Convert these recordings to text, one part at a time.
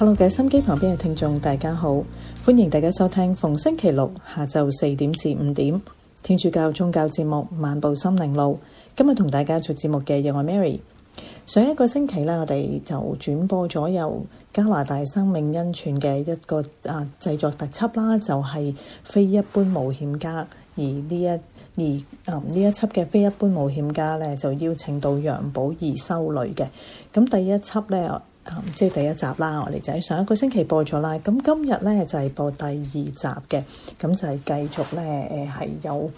hello，嘅心機旁邊嘅聽眾，大家好，歡迎大家收聽逢星期六下晝四點至五點天主教宗教節目《漫步心靈路》。今日同大家做節目嘅又係 Mary。上一個星期呢，我哋就轉播咗由加拿大生命恩泉嘅一個啊製作特輯啦，就係、是《非一般冒險家》而。而呢、嗯、一而呢一輯嘅《非一般冒險家》呢，就邀請到楊葆怡修女嘅。咁第一輯呢。嗯、即係第一集啦，我哋就喺上一個星期播咗啦。咁今日呢，就係、是、播第二集嘅，咁就係繼續呢，誒係有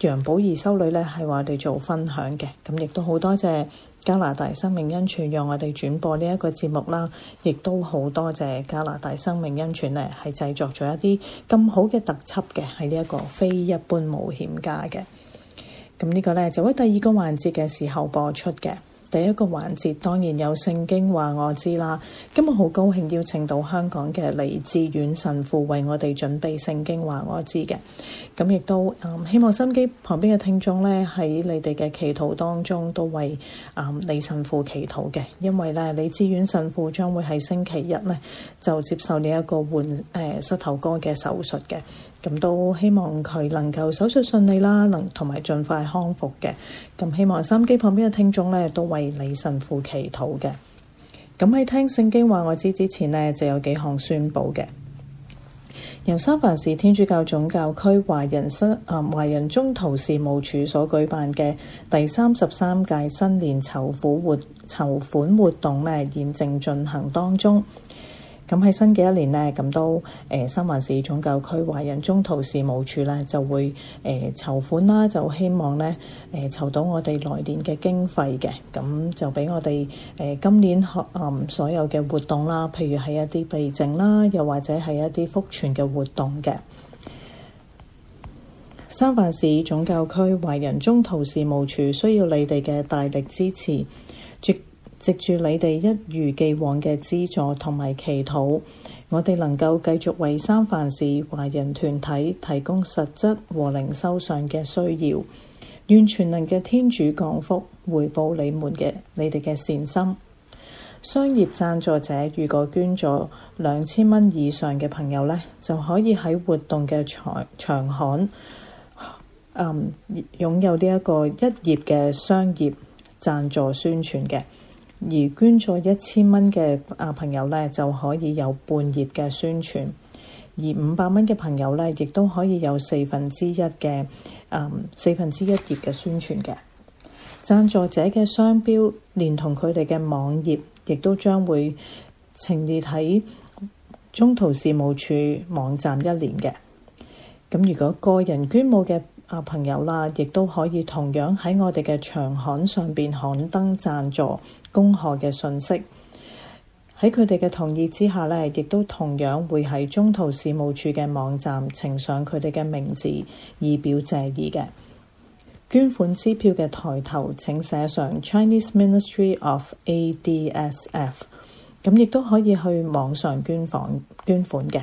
楊葆怡修女呢，係為我哋做分享嘅。咁亦都好多謝加拿大生命恩泉讓我哋轉播呢一個節目啦。亦都好多謝加拿大生命恩泉呢係製作咗一啲咁好嘅特輯嘅喺呢一個非一般冒險家嘅。咁呢個呢，就喺第二個環節嘅時候播出嘅。第一個環節當然有聖經話我知啦，今日好高興邀請到香港嘅李志遠神父為我哋準備聖經話我知嘅，咁亦都、嗯、希望心機旁邊嘅聽眾呢，喺你哋嘅祈禱當中都為啊李神父祈禱嘅，因為呢，李志遠神父將會喺星期一呢，就接受呢一個換誒、呃、膝頭哥嘅手術嘅。咁都希望佢能夠手術順利啦，能同埋儘快康復嘅。咁希望收音機旁邊嘅聽眾呢都為李神父祈禱嘅。咁、嗯、喺聽聖經話我知之前呢，就有幾項宣佈嘅。由三藩市天主教總教區華人新啊華人中途事務處所舉辦嘅第三十三屆新年籌款活籌款活動呢，現正進行當中。咁喺新嘅一年呢，咁都誒、呃、三藩市總教區華人中途事務處呢，就會誒、呃、籌款啦，就希望呢，誒、呃、籌到我哋來年嘅經費嘅，咁就俾我哋誒、呃、今年學、呃、所有嘅活動啦，譬如係一啲避靜啦，又或者係一啲福傳嘅活動嘅。三藩市總教區華人中途事務處需要你哋嘅大力支持。藉住你哋一如既往嘅資助同埋祈禱，我哋能夠繼續為三藩市華人團體提供實質和靈修上嘅需要。願全能嘅天主降福，回報你們嘅你哋嘅善心。商業贊助者如果捐咗兩千蚊以上嘅朋友呢，就可以喺活動嘅場場刊，嗯，擁有呢一個一頁嘅商業贊助宣傳嘅。而捐助一千蚊嘅啊朋友呢，就可以有半頁嘅宣傳；而五百蚊嘅朋友呢，亦都可以有四分之一嘅嗯四分之一頁嘅宣傳嘅。贊助者嘅商標連同佢哋嘅網頁亦都將會呈列喺中途事務處網站一年嘅。咁如果個人捐募嘅，啊朋友啦，亦都可以同樣喺我哋嘅長刊上邊刊登贊助恭賀嘅信息。喺佢哋嘅同意之下呢，亦都同樣會喺中途事務處嘅網站呈上佢哋嘅名字，以表謝意嘅。捐款支票嘅抬頭請寫上 Chinese Ministry of ADSF。咁亦都可以去網上捐款，捐款嘅。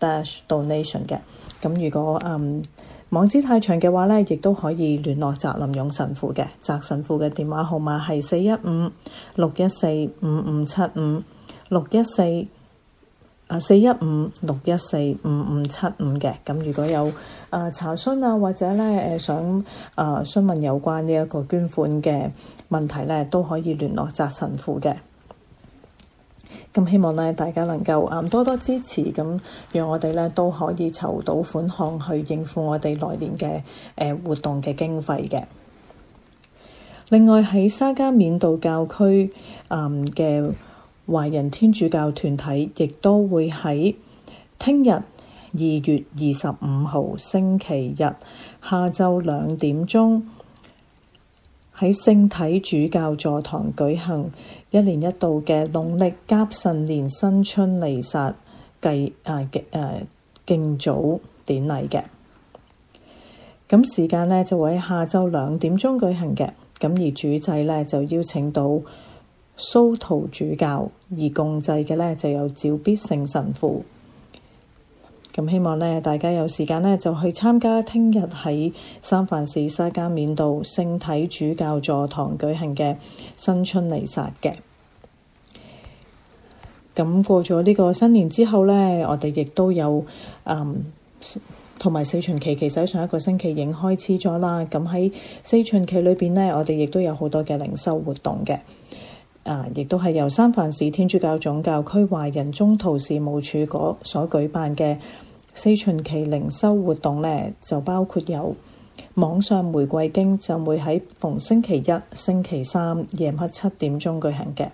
Dash donation 嘅，咁如果嗯網址太長嘅話咧，亦都可以聯絡澤林勇神父嘅，澤神父嘅電話號碼係四一五六一四五五七五六一四啊四一五六一四五五七五嘅，咁如果有啊查詢啊或者咧誒想啊詢問有關呢一個捐款嘅問題咧，都可以聯絡澤神父嘅。咁希望咧，大家能夠多多支持，咁讓我哋咧都可以籌到款項去應付我哋來年嘅誒活動嘅經費嘅。另外喺沙加緬度教區嘅華人天主教團體，亦都會喺聽日二月二十五號星期日下晝兩點鐘喺聖體主教座堂舉行一年一度嘅農曆甲辰年新春彌撒祭啊嘅誒、啊、敬祖典禮嘅，咁時間咧就會喺下晝兩點鐘舉行嘅，咁而主祭咧就邀請到蘇圖主教，而共祭嘅咧就有趙必勝神父。咁希望呢，大家有時間呢，就去參加聽日喺三藩市沙加面度聖體主教座堂舉行嘅新春彌撒嘅。咁過咗呢個新年之後呢，我哋亦都有同埋、嗯、四旬期，其實上一個星期已經開始咗啦。咁喺四旬期裏邊呢，我哋亦都有好多嘅靈修活動嘅。啊，亦都係由三藩市天主教總教區華人宗徒事務處嗰所,所舉辦嘅。四旬期靈修活動呢，就包括有網上玫瑰經，就會喺逢星期一、星期三夜晚七點鐘舉行嘅；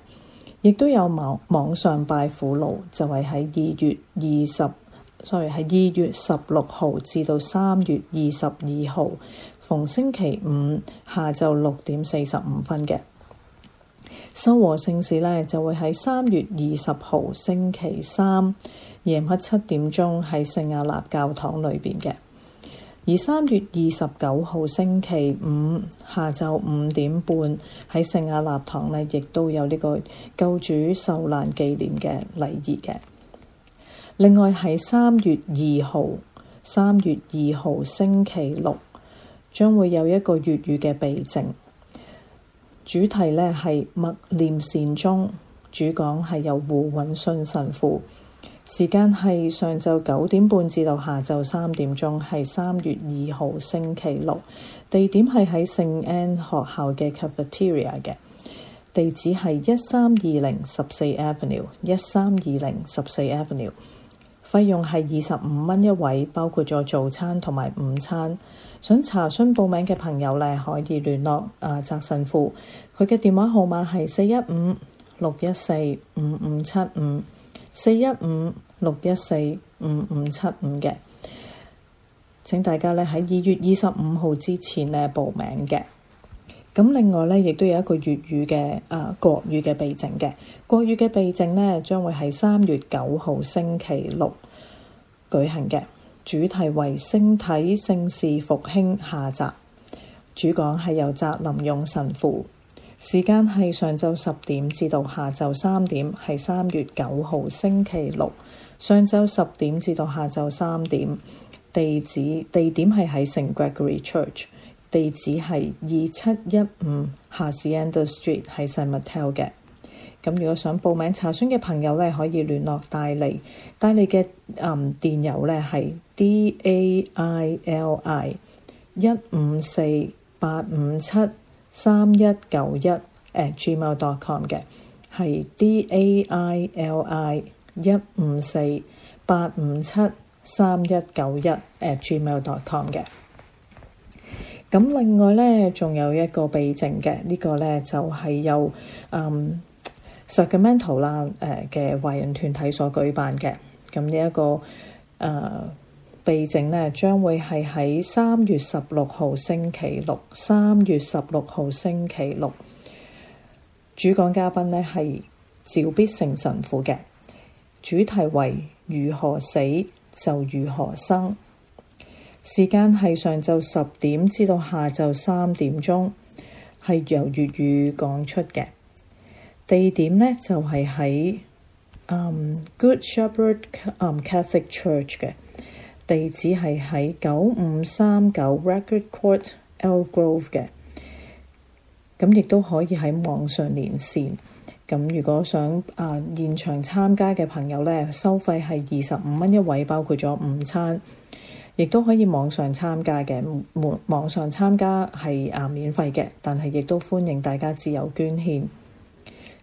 亦都有網網上拜苦路，就係喺二月二十，sorry 係二月十六號至到三月二十二號，逢星期五下晝六點四十五分嘅。修和聖事呢就會喺三月二十號星期三夜晚七點鐘喺聖亞納教堂裏邊嘅。而三月二十九號星期五下晝五點半喺聖亞納堂呢，亦都有呢個救主受難紀念嘅禮儀嘅。另外喺三月二號，三月二號星期六將會有一個粵語嘅避靜。主題呢係默念善終，主講係由胡允信神父。時間係上晝九點半至到下晝三點鐘，係三月二號星期六。地點係喺聖安學校嘅 cafeteria 嘅，地址係一三二零十四 Avenue，一三二零十四 Avenue。費用係二十五蚊一位，包括咗早餐同埋午餐。想查詢報名嘅朋友呢，可以聯絡啊澤神父，佢嘅電話號碼係四一五六一四五五七五四一五六一四五五七五嘅。請大家呢喺二月二十五號之前呢報名嘅。咁另外呢，亦都有一個粵語嘅啊國語嘅避靜嘅，國語嘅避，避靜呢，將會係三月九號星期六舉行嘅。主題為聖體聖事復興下集，主講係由澤林用神父。時間係上晝十點至到下晝三點，係三月九號星期六。上晝十點至到下晝三點，地址地點係喺聖 Gregory Church，地址係二七一五 Hacienda Street，喺聖物 Tell 嘅。咁如果想報名查詢嘅朋友咧，可以聯絡大利，大利嘅誒、嗯、電郵咧係 daili 一五四八五七三一九一 a, a gmail dot com 嘅，係 daili 一五四八五七三一九一 a, a gmail dot com 嘅。咁、嗯、另外咧，仲有一個備註嘅，這個、呢個咧就係、是、有誒。嗯 Sacramento 啦，誒嘅華人團體所舉辦嘅，咁、這個呃、呢一個誒避靜咧，將會係喺三月十六號星期六，三月十六號星期六，主講嘉賓呢係趙必成神父嘅，主題為如何死就如何生，時間係上晝十點至到下晝三點鐘，係由粵語講出嘅。地點呢，就係、是、喺、um, Good Shepherd Catholic Church 嘅地址，係喺九五三九 Record Court Elk Grove 嘅。咁亦都可以喺網上連線。咁、嗯、如果想啊現場參加嘅朋友呢，收費係二十五蚊一位，包括咗午餐。亦都可以網上參加嘅，網上參加係啊免費嘅，但係亦都歡迎大家自由捐獻。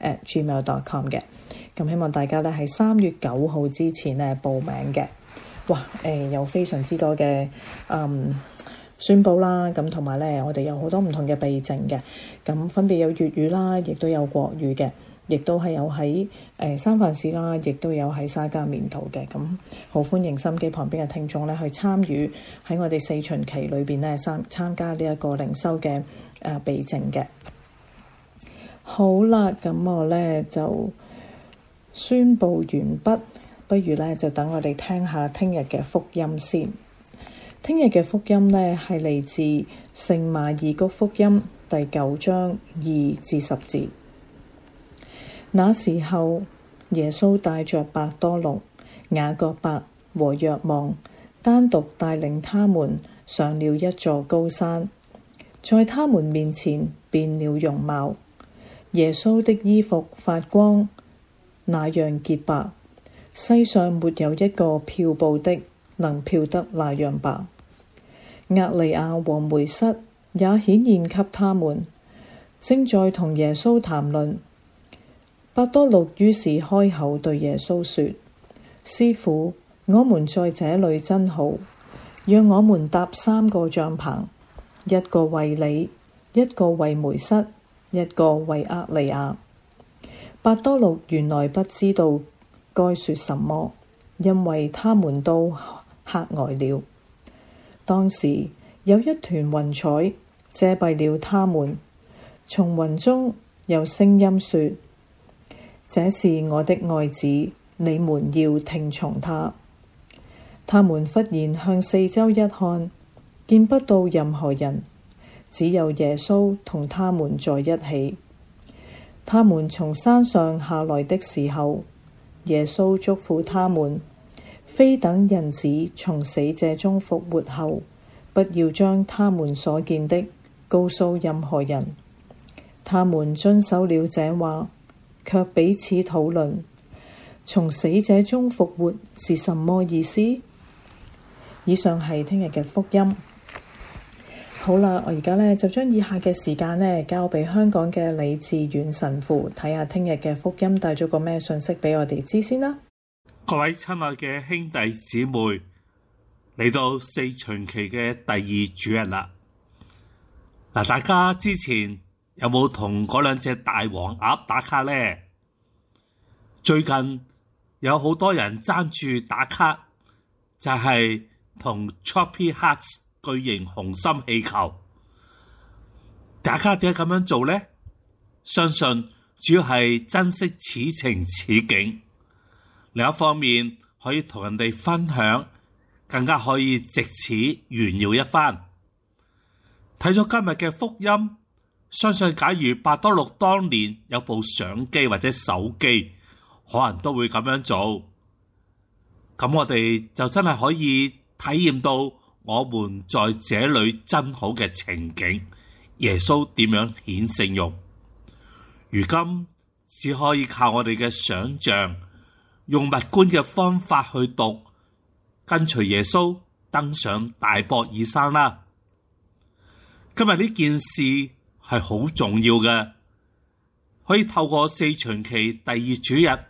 誒 gmail.com 嘅，咁希望大家咧喺三月九號之前咧報名嘅。哇，誒、呃、有非常之多嘅誒、嗯、宣佈啦，咁同埋咧我哋有好多唔同嘅備證嘅，咁分別有粵語啦，亦都有國語嘅，亦都係有喺誒、呃、三藩市啦，亦都有喺沙加緬度嘅，咁好歡迎心機旁邊嘅聽眾咧去參與喺我哋四旬期裏邊咧參參加呢一個靈修嘅誒備證嘅。呃好啦，咁我呢，就宣佈完畢，不如呢，就等我哋聽下聽日嘅福音先。聽日嘅福音呢，係嚟自聖馬爾谷福音第九章二至十節。那時候耶穌帶着伯多祿、雅各伯和若望，單獨帶領他們上了一座高山，在他們面前變了容貌。耶穌的衣服發光，那樣潔白。世上沒有一個漂布的能漂得那樣白。厄利亞和梅瑟也顯現給他們，正在同耶穌談論。伯多祿於是開口對耶穌說：師父，我們在這裏真好，讓我們搭三個帳棚，一個為你，一個為梅瑟。一個為厄利亞，伯多祿原來不知道該說什麼，因為他們都嚇呆了。當時有一團雲彩遮蔽了他們，從雲中有聲音說：這是我的愛子，你們要聽從他。他們忽然向四周一看，見不到任何人。只有耶穌同他們在一起。他們從山上下來的時候，耶穌祝福他們：非等人子從死者中復活後，不要將他們所見的告訴任何人。他們遵守了這話，卻彼此討論：從死者中復活是什麼意思？以上係聽日嘅福音。好啦，我而家咧就將以下嘅時間咧交俾香港嘅李志遠神父，睇下聽日嘅福音帶咗個咩信息俾我哋知先啦。各位親愛嘅兄弟姊妹，嚟到四旬期嘅第二主日啦。嗱，大家之前有冇同嗰兩隻大黃鴨打卡咧？最近有好多人爭住打卡，就係、是、同 Chubby Hearts。巨型雄心氣球，大家點解咁樣做呢？相信主要係珍惜此情此景，另一方面可以同人哋分享，更加可以借此炫耀一番。睇咗今日嘅福音，相信假如伯多祿當年有部相機或者手機，可能都會咁樣做。咁我哋就真係可以體驗到。我們在這裡真好嘅情景，耶穌點樣顯聖容？如今只可以靠我哋嘅想象，用物觀嘅方法去讀，跟隨耶穌登上大博爾山啦。今日呢件事係好重要嘅，可以透過四旬期第二主日，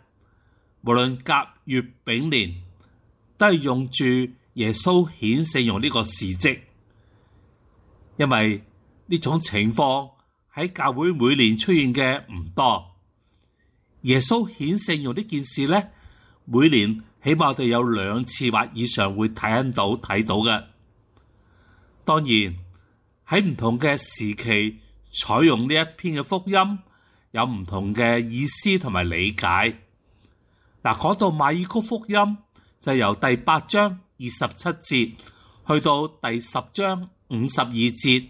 無論甲乙丙年，都係用住。耶穌顯聖用呢個事蹟，因為呢種情況喺教會每年出現嘅唔多。耶穌顯聖用呢件事咧，每年起碼我哋有兩次或以上會睇到睇到嘅。當然喺唔同嘅時期採用呢一篇嘅福音，有唔同嘅意思同埋理解。嗱，講到馬爾谷福音，就由第八章二十七節去到第十章五十二節，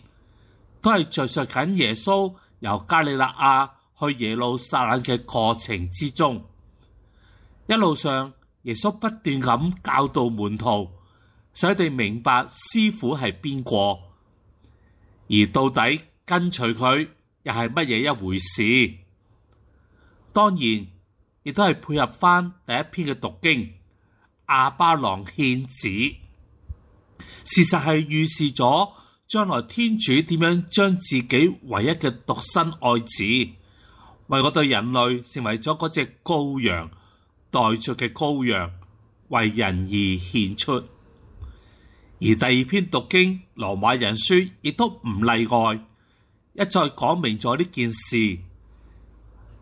都係敘述緊耶穌由加利納亞去耶路撒冷嘅過程之中。一路上，耶穌不斷咁教導門徒，使佢哋明白師傅係邊個，而到底跟隨佢又係乜嘢一回事。當然，亦都係配合翻第一篇嘅讀經。亞巴郎獻子，事實係預示咗將來天主點樣將自己唯一嘅獨生愛子，為嗰對人類成為咗嗰隻羔羊，代罪嘅羔羊，為人而獻出。而第二篇讀經《羅馬人書》亦都唔例外，一再講明咗呢件事。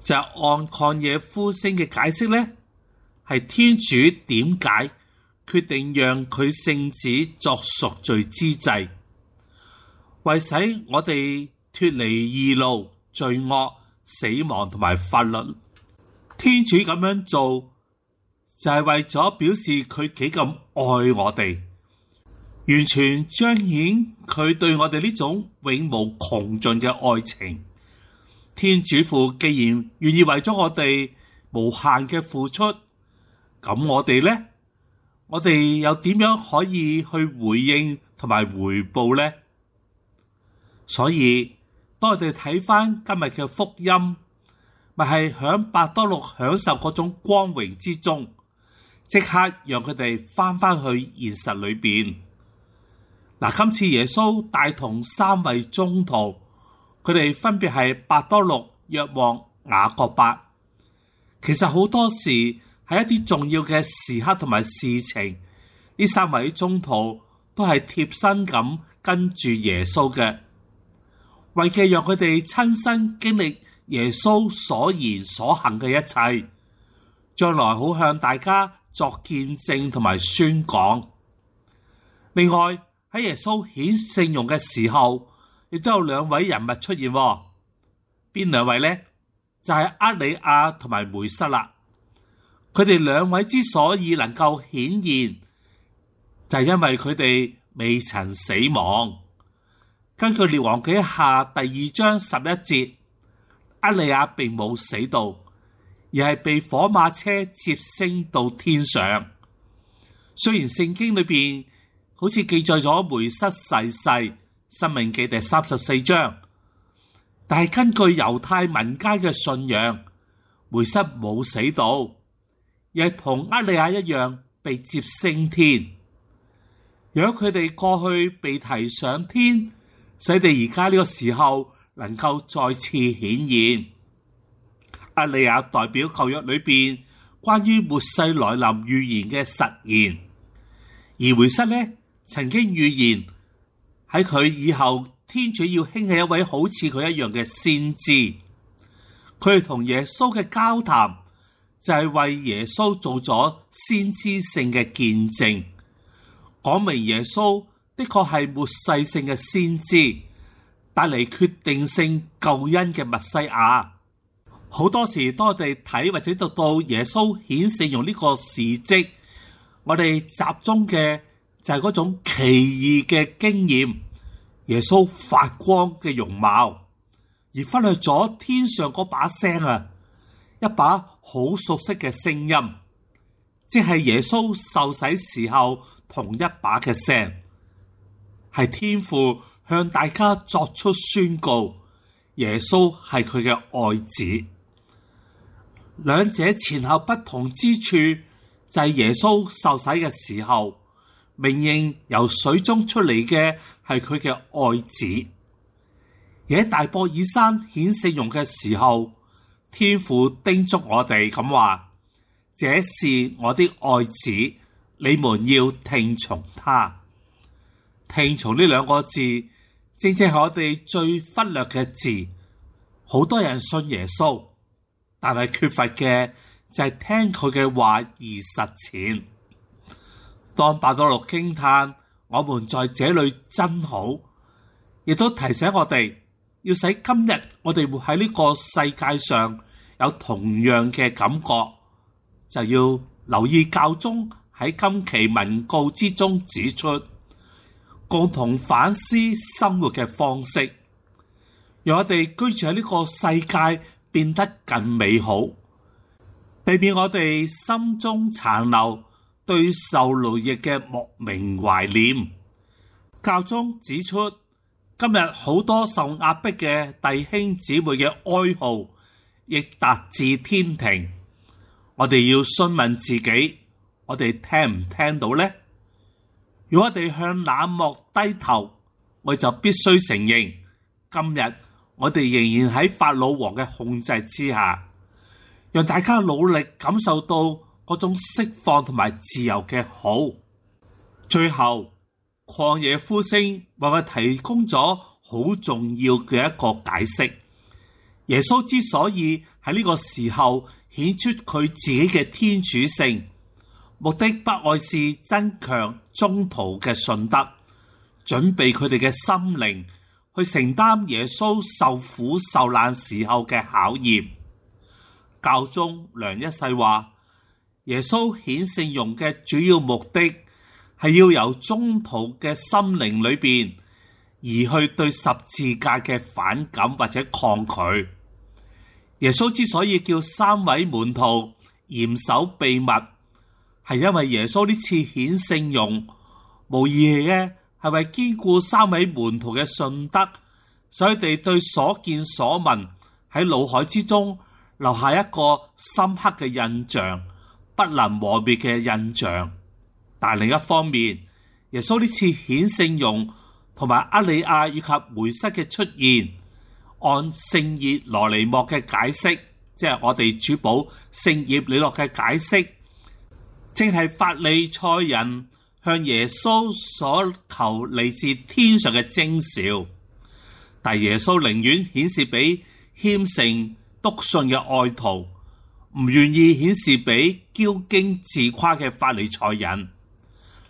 就是、按曠野呼聲嘅解釋呢。係天主點解決定讓佢聖子作贖罪之祭，為使我哋脱離異路、罪惡、死亡同埋法律。天主咁樣做就係、是、為咗表示佢幾咁愛我哋，完全彰顯佢對我哋呢種永無窮盡嘅愛情。天主父既然願意為咗我哋無限嘅付出。咁我哋咧，我哋又點樣可以去回應同埋回報咧？所以當我哋睇翻今日嘅福音，咪係響伯多祿享受嗰種光榮之中，即刻讓佢哋翻返去現實裏邊嗱。今次耶穌帶同三位宗徒，佢哋分別係伯多祿、若望、雅各伯。其實好多時。喺一啲重要嘅時刻同埋事情，呢三位宗徒都係貼身咁跟住耶穌嘅，為嘅讓佢哋親身經歷耶穌所言所行嘅一切，將來好向大家作見證同埋宣講。另外喺耶穌顯聖容嘅時候，亦都有兩位人物出現，邊兩位咧？就係、是、厄里亞同埋梅瑟啦。佢哋兩位之所以能夠顯現，就係、是、因為佢哋未曾死亡。根據列王記下第二章十一節，厄利亞並冇死到，而係被火馬車接升到天上。雖然聖經裏邊好似記載咗梅瑟逝世，世，申命記第三十四章，但係根據猶太民間嘅信仰，梅瑟冇死到。亦同厄利亞一樣被接升天，若佢哋過去被提上天，使佢哋而家呢個時候能夠再次顯現。厄利亞代表舊約裏邊關於末世來臨預言嘅實現，而回失呢曾經預言喺佢以後天主要興起一位好似佢一樣嘅先知，佢哋同耶穌嘅交談。就係為耶穌做咗先知性嘅見證，講明耶穌的確係末世性嘅先知，帶嚟決定性救恩嘅默西亞。好多時，當我哋睇或者讀到耶穌顯聖容呢個事跡，我哋集中嘅就係嗰種奇異嘅經驗，耶穌發光嘅容貌，而忽略咗天上嗰把聲啊！一把好熟悉嘅聲音，即係耶穌受洗時候同一把嘅聲，係天父向大家作出宣告：耶穌係佢嘅愛子。兩者前後不同之處就係、是、耶穌受洗嘅時候，明認由水中出嚟嘅係佢嘅愛子；而喺大博爾山顯聖容嘅時候。天父叮囑我哋咁話：這是我的愛子，你們要聽從他。聽從呢兩個字，正正係我哋最忽略嘅字。好多人信耶穌，但係缺乏嘅就係聽佢嘅話而實踐。當伯多祿驚嘆我們在這裏真好，亦都提醒我哋。要使今日我哋會喺呢個世界上有同樣嘅感覺，就要留意教宗喺今期文告之中指出，共同反思生活嘅方式，讓我哋居住喺呢個世界變得更美好，避免我哋心中殘留對受奴役嘅莫名懷念。教宗指出。今日好多受壓迫嘅弟兄姊妹嘅哀號，亦達至天庭。我哋要詢問自己，我哋聽唔聽到咧？如果我哋向冷漠低頭，我就必須承認，今日我哋仍然喺法老王嘅控制之下，讓大家努力感受到嗰種釋放同埋自由嘅好。最後。曠野呼聲為佢提供咗好重要嘅一個解釋。耶穌之所以喺呢個時候顯出佢自己嘅天主性，目的不外是增強宗徒嘅信德，準備佢哋嘅心靈去承擔耶穌受苦受難時候嘅考驗。教宗良一世話：耶穌顯聖容嘅主要目的。係要由中途嘅心靈裏邊，而去對十字架嘅反感或者抗拒。耶穌之所以叫三位門徒嚴守秘密，係因為耶穌呢次顯聖容，無疑係為堅固三位門徒嘅信德，所以佢哋對所見所聞喺腦海之中留下一個深刻嘅印象，不能磨滅嘅印象。但另一方面，耶穌呢次顯聖容同埋厄里亞以及梅瑟嘅出現，按聖熱羅尼莫嘅解釋，即係我哋主保聖葉李諾嘅解釋，正係法利賽人向耶穌所求嚟自天上嘅徵兆。但耶穌寧願顯示畀謙誠篤信嘅愛徒，唔願意顯示畀驕矜自誇嘅法利賽人。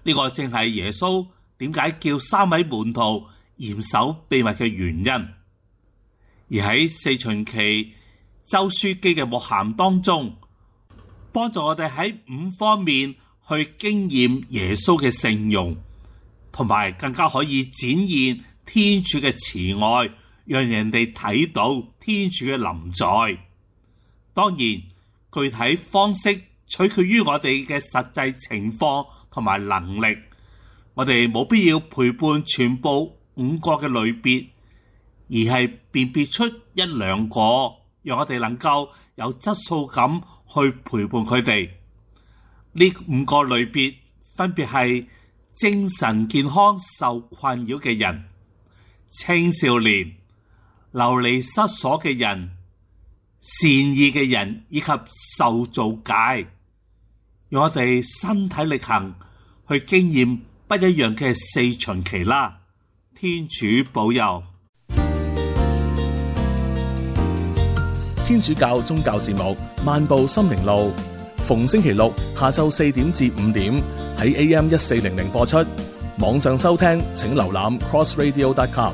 呢個正係耶穌點解叫三位門徒嚴守秘密嘅原因，而喺四旬期周書記嘅默涵當中，幫助我哋喺五方面去經驗耶穌嘅聖容，同埋更加可以展現天主嘅慈愛，讓人哋睇到天主嘅臨在。當然，具體方式。取決於我哋嘅實際情況同埋能力，我哋冇必要陪伴全部五個嘅類別，而係辨別出一兩個，讓我哋能夠有質素咁去陪伴佢哋。呢五個類別分別係精神健康受困擾嘅人、青少年、流離失所嘅人、善意嘅人以及受造界。讓我哋身體力行去經驗不一樣嘅四旬期啦！天主保佑！天主教宗教節目《漫步心靈路》，逢星期六下晝四點至五點喺 AM 一四零零播出。網上收聽，請瀏覽 crossradio.com。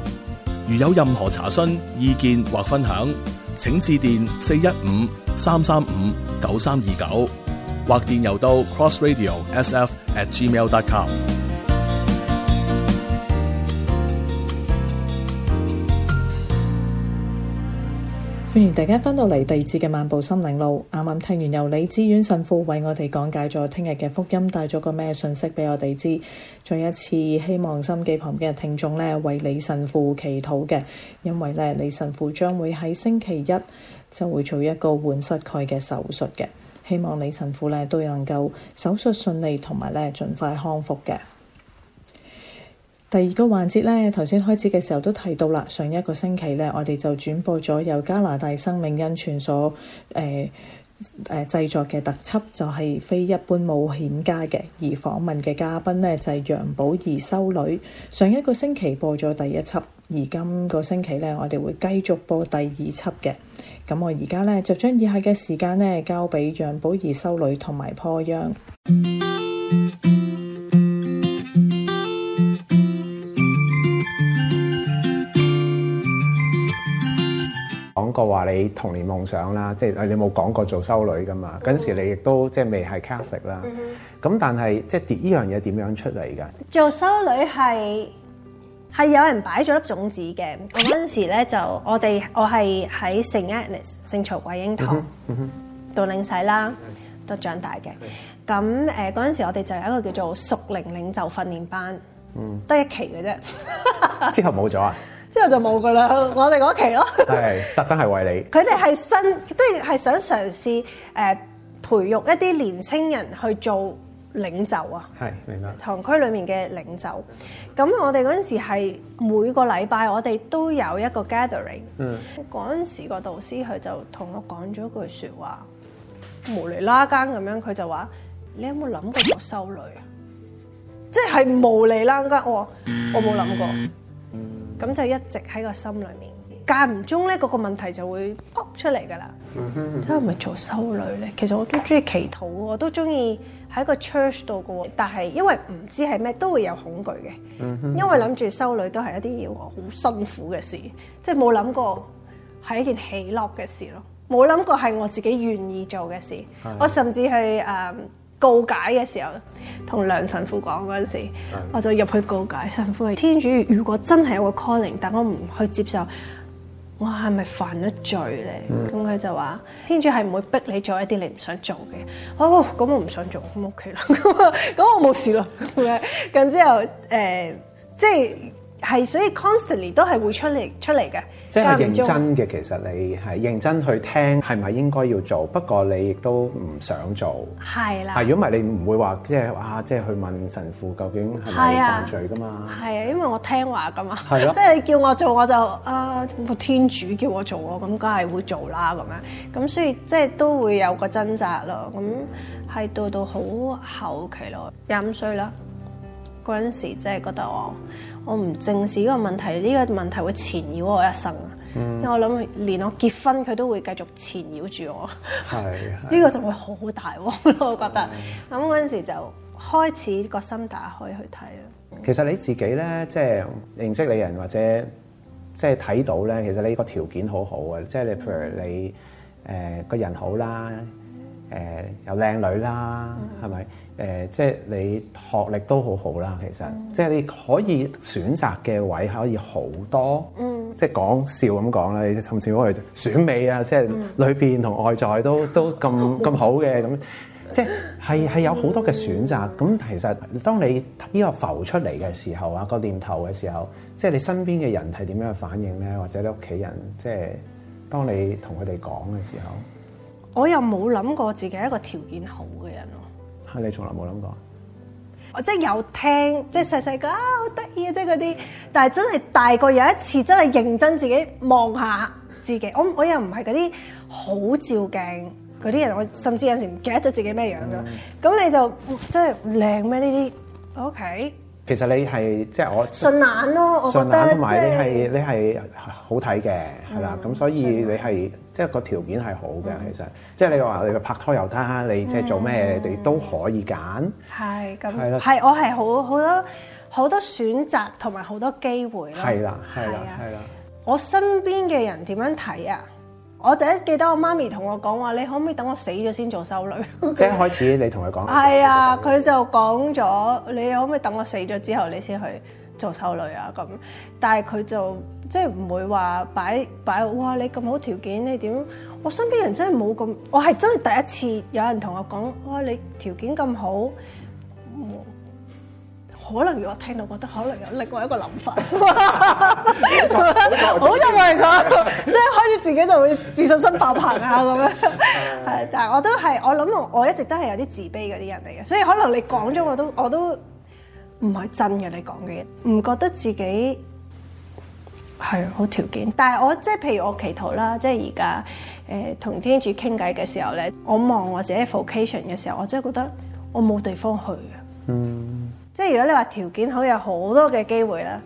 如有任何查詢、意見或分享，請致電四一五三三五九三二九。或電郵到 crossradio_sf@gmail.com。歡迎大家返到嚟第二節嘅漫步心靈路。啱啱聽完由李志遠神父為我哋講解咗聽日嘅福音，帶咗個咩信息俾我哋知？再一次希望心機旁嘅聽眾呢為李神父祈禱嘅，因為呢，李神父將會喺星期一就會做一個換膝蓋嘅手術嘅。希望李神父呢，都能夠手術順利，同埋呢，盡快康復嘅。第二個環節呢，頭先開始嘅時候都提到啦，上一個星期呢，我哋就轉播咗由加拿大生命恩泉所誒，呃誒製作嘅特輯，就係非一般冒險家嘅。而訪問嘅嘉賓呢，就係、是、楊葆怡修女。上一個星期播咗第一輯，而今個星期呢，我哋會繼續播第二輯嘅。咁我而家呢，就將以下嘅時間呢，交俾楊葆怡修女同埋破殃。 你童年夢想啦，即係你冇講過做修女噶嘛？嗰陣、mm hmm. 時你亦都即係未係 Catholic 啦。咁、mm hmm. 但係即係呢樣嘢點樣出嚟噶？做修女係係有人擺咗粒種子嘅。我嗰陣時咧就我哋我係喺聖愛尼斯聖曹桂英堂、mm hmm. mm hmm. 到領洗啦，都長大嘅。咁誒嗰陣時我哋就有一個叫做熟靈領袖訓練班，得、mm hmm. 一期嘅啫， 之後冇咗啊。之後就冇㗎啦， 我哋嗰期咯。係，特登係為你。佢哋係新，即係 想嘗試誒培育一啲年青人去做領袖啊。係，明白。堂區裏面嘅領袖。咁我哋嗰陣時係每個禮拜，我哋都有一個 gathering。嗯。嗰陣時個導師佢就同我講咗句説話，無釐啦間咁樣，佢就話：你有冇諗過做修女？即係無釐啦間，哦、我我冇諗過。咁就一直喺個心裏面，間唔中咧嗰個問題就會 pop 出嚟噶啦。點解係咪做修女咧？其實我都中意祈禱，我都中意喺個 church 度嘅。但係因為唔知係咩，都會有恐懼嘅。Mm hmm. 因為諗住修女都係一啲好辛苦嘅事，即係冇諗過係一件喜樂嘅事咯。冇諗過係我自己願意做嘅事，mm hmm. 我甚至係誒。Uh, 告解嘅時候，同梁神， 神父講嗰陣時，我就入去告解。神父話：天主如果真係有個 calling，但我唔去接受，我係咪犯咗罪咧？咁佢就話：於是 嗯、天主係唔會逼你做一啲你唔想做嘅。哦，咁、嗯呃、我唔想做，咁 OK 啦，咁我冇事啦。咁樣，咁之 後，誒、呃，即係。係，所以 constantly 都係會出嚟出嚟嘅。即係認真嘅，其實你係認真去聽係咪應該要做，不過你亦都唔想做。係啦。係如果唔係你唔會話即係哇，即係、啊、去問神父究竟係咪犯罪噶嘛？係啊，啊，因為我聽話噶嘛。係咯、啊。即係叫我做我就啊，天主叫我做，我咁梗係會做啦咁樣。咁所以即係都會有個掙扎咯。咁係到到好後期咯，廿五歲啦，嗰陣時即係覺得我。我唔正視呢個問題，呢、這個問題會纏繞我一生。因為、嗯、我諗連我結婚佢都會繼續纏繞住我。係， 呢個就會好大鑊咯。 我覺得咁嗰陣時就開始個心打開去睇啦。其實你自己咧，即、就、係、是、認識你人或者即係睇到咧，其實你個條件好好啊。即、就、係、是、你譬如你誒、呃、個人好啦，誒又靚女啦，係咪、嗯？誒、呃，即係你學歷都好好啦，其實、嗯、即係你可以選擇嘅位可以好多，嗯，即係講笑咁講啦，甚至乎係選美啊，即係裏邊同外在都、嗯、都咁咁好嘅咁，即係係係有好多嘅選擇，咁、嗯、其實當你呢個浮出嚟嘅時候啊，那個念頭嘅時候，即係你身邊嘅人係點樣去反應咧？或者你屋企人，即係當你同佢哋講嘅時候，我又冇諗過自己係一個條件好嘅人咯。你從來冇諗過？我即係有聽，即係細細個啊，好得意啊！即係嗰啲，但係真係大個有一次真係認真自己望下自己。我我又唔係嗰啲好照鏡嗰啲人，我甚至有時唔記得咗自己咩樣嘅。咁、嗯、你就真係靚咩呢啲？OK。其實你係即係我順眼咯，我順眼同埋你係你係好睇嘅，係啦，咁所以你係即係個條件係好嘅，其實即係你話你拍拖又得，你即係做咩你都可以揀，係咁，係咯，係我係好好多好多選擇同埋好多機會啦，係啦，係啦，係啦，我身邊嘅人點樣睇啊？我就記得我媽咪同我講話，你可唔可以等我死咗先做修女？ 即係開始你同佢講，係啊，佢就講咗， 你可唔可以等我死咗之後，你先去做修女啊？咁，但係佢就即係唔會話擺擺，擺，哇！你咁好條件，你點？我身邊人真係冇咁，我係真係第一次有人同我講，哇！你條件咁好。可能如果聽到覺得可能有另外一個諗法，好就為咁，即係開始自己就會自信心爆棚啊咁樣。係 是， 但係我都係，我諗我一直都係有啲自卑嗰啲人嚟嘅，所以可能你講咗我都我都唔係真嘅，你講嘅嘢，唔覺得自己係好條件。但係我即係譬如我祈禱啦，即係而家誒同天主傾偈嘅時候咧，我望我自己 vocation 嘅時候，我真係覺得我冇地方去啊。嗯。即係如果你話條件好有好多嘅機會啦。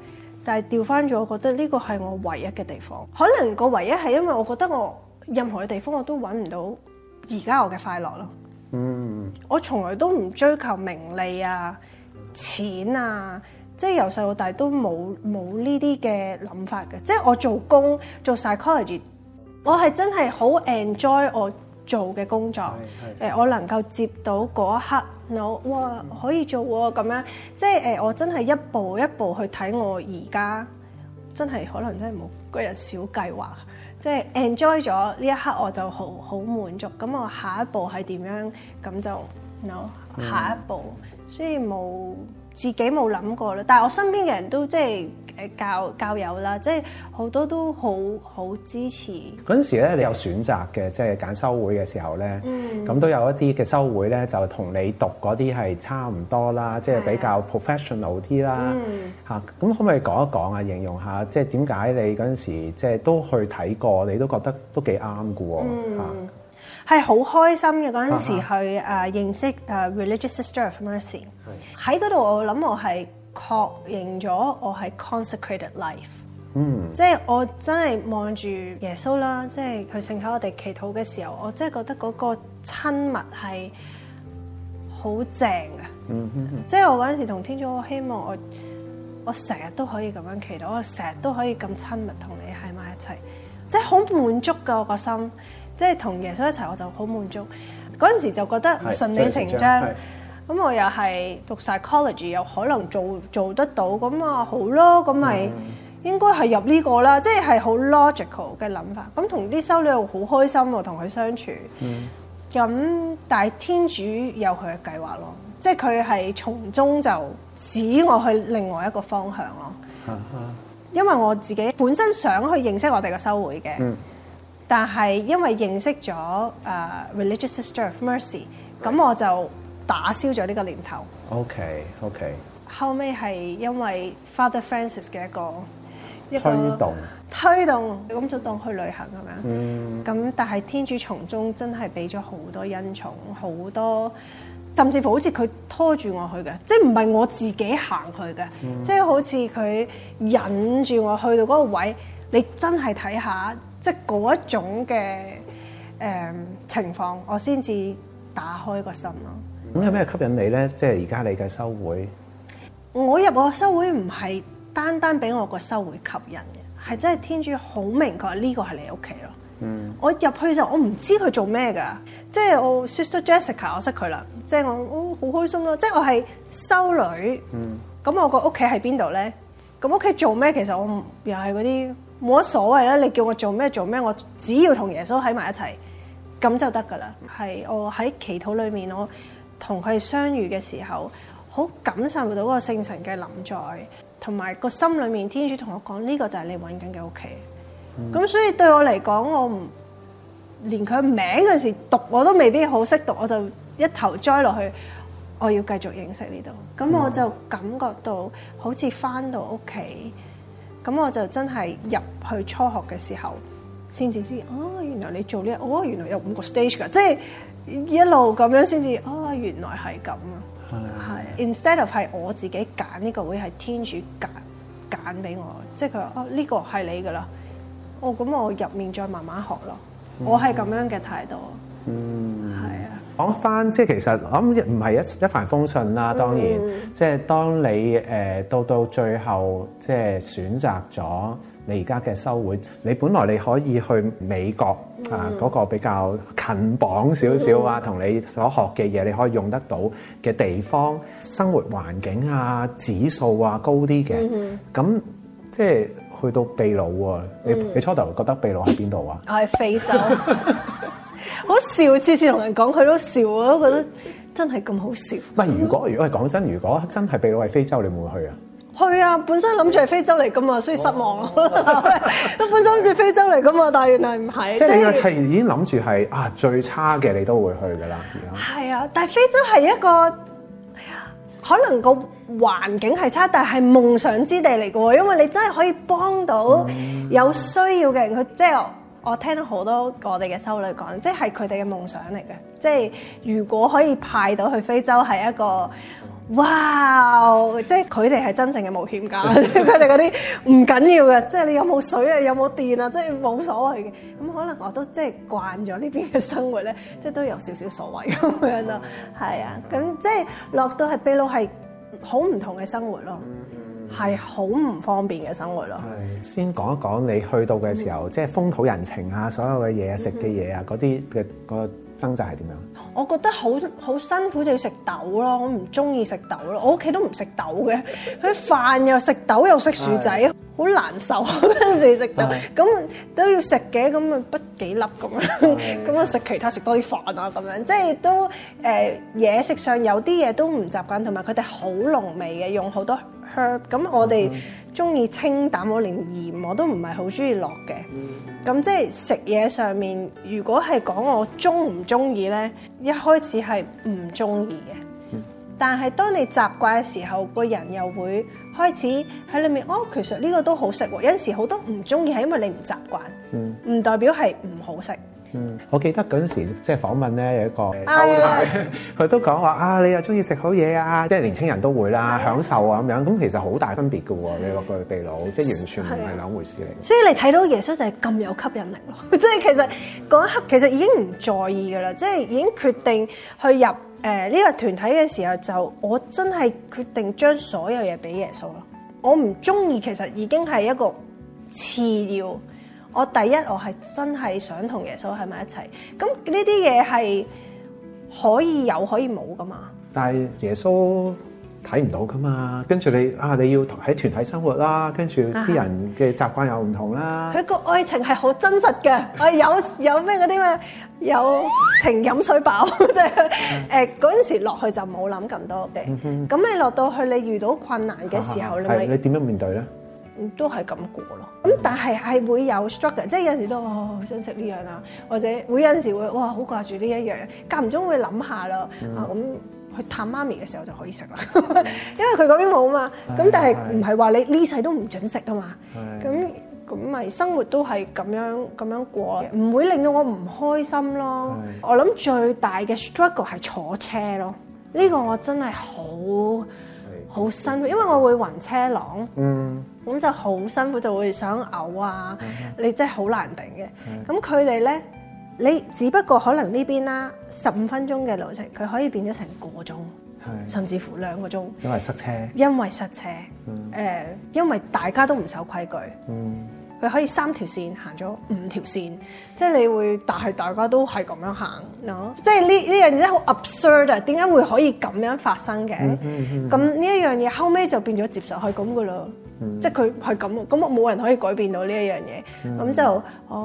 但係調翻咗，我覺得呢個係我唯一嘅地方。可能個唯一係因為我覺得我任何嘅地方我都揾唔到而家我嘅快樂咯。嗯、mm，hmm. 我從來都唔追求名利啊、錢啊，即係由細到大都冇冇呢啲嘅諗法嘅。即係我做工做 psychology，我係真係好 enjoy 我。做嘅工作，誒我能夠接到嗰一刻，no 哇可以做喎咁樣，即係誒我真係一步一步去睇我而家，真係可能真係冇嗰日小計劃，即係 enjoy 咗呢一刻我就好好滿足，咁我下一步係點樣？咁就 no 下一步，所以冇自己冇諗過啦，但係我身邊嘅人都即係。教教友啦，即係好多都好好支持。嗰陣時咧，你有選擇嘅，即係揀修會嘅時候咧，咁、嗯、都有一啲嘅修會咧，就同你讀嗰啲係差唔多啦，即係、嗯、比較 professional 啲啦。嚇、嗯，咁可唔可以講一講啊？形容下即係點解你嗰陣時即係都去睇過，你都覺得都幾啱㗎喎。嚇，係好、嗯、開心嘅嗰陣時去誒、啊啊、認識誒、uh, Religious Sister of Mercy。喺嗰度，我諗我係。確認咗我係 consecrated life，嗯，即係我真係望住耶穌啦，即係佢盛喺我哋祈禱嘅時候，我真係覺得嗰個親密係好正啊，嗯。嗯，即係我嗰陣時同天主，我希望我我成日都可以咁樣祈禱，我成日都可以咁親密同你喺埋一齊，即係好滿足噶我個心，即係同耶穌一齊我就好滿足，嗰陣時就覺得順理成章。咁我又係讀 psychology，又可能做做得到，咁啊好咯，咁咪應該係入呢個啦，mm. 即係好 logical 嘅諗法。咁同啲修女好開心，同佢相處。咁、mm. 但係天主有佢嘅計劃咯，即係佢係從中就指我去另外一個方向咯。Uh huh. 因為我自己本身想去認識我哋嘅修會嘅，mm. 但係因為認識咗啊、uh, Religious Sisters of Mercy，咁 Right. 我就。打消咗呢個念頭。OK，OK Okay, okay.。後尾係因為 Father Francis 嘅一，動一個推動，推動咁就當去旅行咁樣。咁、嗯、但係天主從中真係俾咗好多恩寵，好多，甚至乎好似佢拖住我去嘅，即係唔係我自己行去嘅，嗯、即係好似佢引住我去到嗰個位。你真係睇下，即係嗰一種嘅誒、呃、情況，我先至打開個心咯。咁有咩吸引你咧？即係而家你嘅修會，我入我個修會唔係單單俾我個修會吸引嘅，係、嗯、真係天主好明確呢、這個係你屋企咯。嗯，我入去就我唔知佢做咩噶，即係我，我 Sister Jessica，我識佢啦，即係我好、哦、開心咯，即係我係修女。嗯，咁我個屋企喺邊度咧？咁屋企做咩？其實我又係嗰啲冇乜所謂啦。你叫我做咩做咩，我只要同耶穌喺埋一齊，咁就得噶啦。係我喺祈禱裏面我。我同佢哋相遇嘅時候，好感受到個聖神嘅臨在，同埋個心裏面天主同我講：呢、這個就係你揾緊嘅屋企。咁、嗯、所以對我嚟講，我唔連佢名嗰陣時讀我都未必好識讀，我就一頭栽落去。我要繼續認識呢度，咁我就感覺到、嗯、好似返到屋企。咁我就真係入去初學嘅時候，先至知，哦，原來你做呢、這個，哦，原來有五個 stage 㗎，即係。一路咁樣先至，啊、哦，原來係咁啊！係、嗯、instead of 係我自己揀呢個會係天主揀揀俾我，即係佢話：哦，呢、這個係你噶啦。哦，咁我入面再慢慢學咯。嗯、我係咁樣嘅態度。嗯，係啊。講翻即係其實，我諗唔係一一帆風順啦。當然，嗯、即係當你誒、呃、到到最後，即係選擇咗。你而家嘅修會，你本來你可以去美國、嗯、啊，嗰、嗰個比較近榜少少啊，同你所學嘅嘢你可以用得到嘅地方，生活環境啊，指數啊高啲嘅。咁、嗯、即係去到秘魯、啊，你、嗯、你初頭覺得秘魯喺邊度啊？我係非洲， 好笑，次次同人講佢都笑，我都覺得真係咁好笑。唔係，如果如果係講真，如果真係秘魯係非洲，你會唔會去啊？去啊！本身諗住係非洲嚟噶嘛，所以失望咯。 都本身諗住非洲嚟噶嘛，但原來唔係。即係是係是已經諗住係啊最差嘅，你都會去噶啦。係啊，但係非洲係一個，可能個環境係差，但係夢想之地嚟噶。因為你真係可以幫到有需要嘅人。佢、嗯、即係我，我聽到好多我哋嘅修女講，即係係佢哋嘅夢想嚟嘅。即係如果可以派到去非洲，係一個。哇、wow！即係佢哋係真正嘅冒險家，佢哋嗰啲唔緊要嘅，即係你有冇水啊，有冇電啊，即係冇所謂嘅。咁可能我都即係慣咗呢邊嘅生活咧，即係都有少少所謂咁樣咯。係啊， 咁即係落到去秘魯係好唔同嘅生活咯，係好唔方便嘅生活咯。先講一講你去到嘅時候，嗯、即係風土人情啊，所有嘅嘢食嘅嘢啊，嗰啲嘅個掙扎係點樣？我覺得好好辛苦就要食豆咯，我唔中意食豆咯，我屋企都唔食豆嘅，佢飯又食豆又食薯仔，好 難受嗰陣 時食豆，咁 都要食嘅，咁咪不幾粒咁樣，咁啊食其他食多啲飯啊咁樣，即係都誒嘢、呃、食上有啲嘢都唔習慣，同埋佢哋好濃味嘅，用好多。咁我哋中意清淡，我連鹽我都唔係好中意落嘅。咁即係食嘢上面，如果係講我中唔中意咧，一開始係唔中意嘅。但係當你習慣嘅時候，個人又會開始喺裏面，哦，其實呢個都好食。有時好多唔中意係因為你唔習慣，唔代表係唔好食。嗯，我記得嗰陣時即係訪問咧有一個高太，佢、啊、都講話啊，你又中意食好嘢啊，即係年輕人都會啦，的享受啊咁樣，咁其實好大分別嘅喎、啊，的你落個地老，即係完全唔係兩回事嚟。所以你睇到耶穌就係咁有吸引力咯，即係其實嗰、嗯、一刻其實已經唔在意㗎啦，即係已經決定去入誒呢、呃呢個團體嘅時候，就我真係決定將所有嘢俾耶穌咯，我唔中意其實已經係一個次要。我第一，我係真係想同耶穌喺埋一齊，咁呢啲嘢係可以有可以冇噶嘛？但係耶穌睇唔到噶嘛？跟住你啊，你要喺團體生活啦，跟住啲人嘅習慣又唔同啦。佢個、啊、愛情係好真實嘅，我有有咩嗰啲咩有情飲水飽，即係誒嗰陣時落去就冇諗咁多嘅。咁你落到去你遇到困難嘅時候，啊、你、啊、你點樣面對咧？都係咁過咯，咁、嗯、但係係會有 struggle，即係有時都好、哦、想食呢樣啊，或者會有時會哇好掛住呢一樣，間唔中會諗下咯，啊咁、嗯、去探媽咪嘅時候就可以食啦， 因為佢嗰邊冇嘛，咁但係唔係話你呢世都唔準食啊嘛，咁咁咪生活都係咁樣咁樣過，唔會令到我唔開心咯。是我諗最大嘅 struggle 係坐車咯，呢、呢個我真係好好辛苦，因為我會暈車浪。嗯咁就好辛苦，就會想嘔啊！你真係好難頂嘅。咁佢哋咧，你只不過可能呢邊啦，十五分鐘嘅路程，佢可以變咗成個鐘，甚至乎兩個鐘，因為塞車，因為塞車，誒，因為大家都唔守規矩，佢可以三條線行咗五條線，即係你會，但係大家都係咁樣行，即係呢呢樣嘢好 absurd，啊，點解會可以咁樣發生嘅？咁呢一樣嘢後尾就變咗接受係咁噶咯。嗯、即係佢係咁，咁我冇人可以改變到呢一樣嘢。咁、嗯、就我、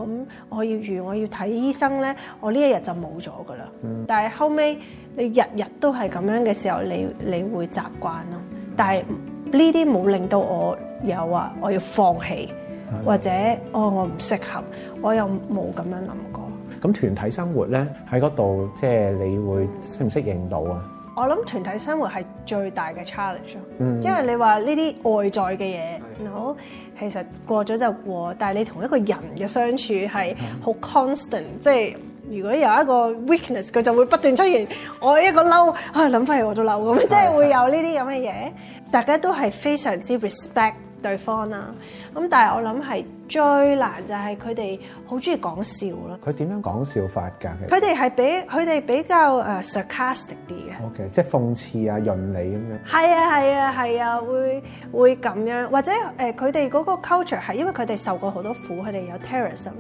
嗯、我要如我要睇醫生咧，我呢一日就冇咗噶啦。嗯、但係後尾你日日都係咁樣嘅時候，你你會習慣咯。但係呢啲冇令到我有話我要放棄，嗯、或者、哦、我我唔適合，我又冇咁樣諗過。咁團體生活咧喺嗰度，即係你會適唔適應到啊？我諗團體生活係最大嘅 challenge，、mm hmm. 因為你話呢啲外在嘅嘢，好、mm hmm. 其實過咗就過，但係你同一個人嘅相處係好 constant，即係、就是、如果有一個 weakness，佢就會不斷出現。我一個嬲啊，諗翻起我都嬲，咁、mm hmm. 即係會有呢啲咁嘅嘢。Mm hmm. 大家都係非常之 respect。對方啦、啊，咁但係我諗係最難就係佢哋好中意講笑咯。佢點樣講笑法㗎？佢哋係比佢哋比較誒 sarcastic 啲嘅。Uh, o、okay. K，即係諷刺啊、潤理咁樣。係啊，係啊，係啊，會會咁樣，或者誒佢哋嗰個 culture 係因為佢哋受過好多苦，佢哋有 terrorism。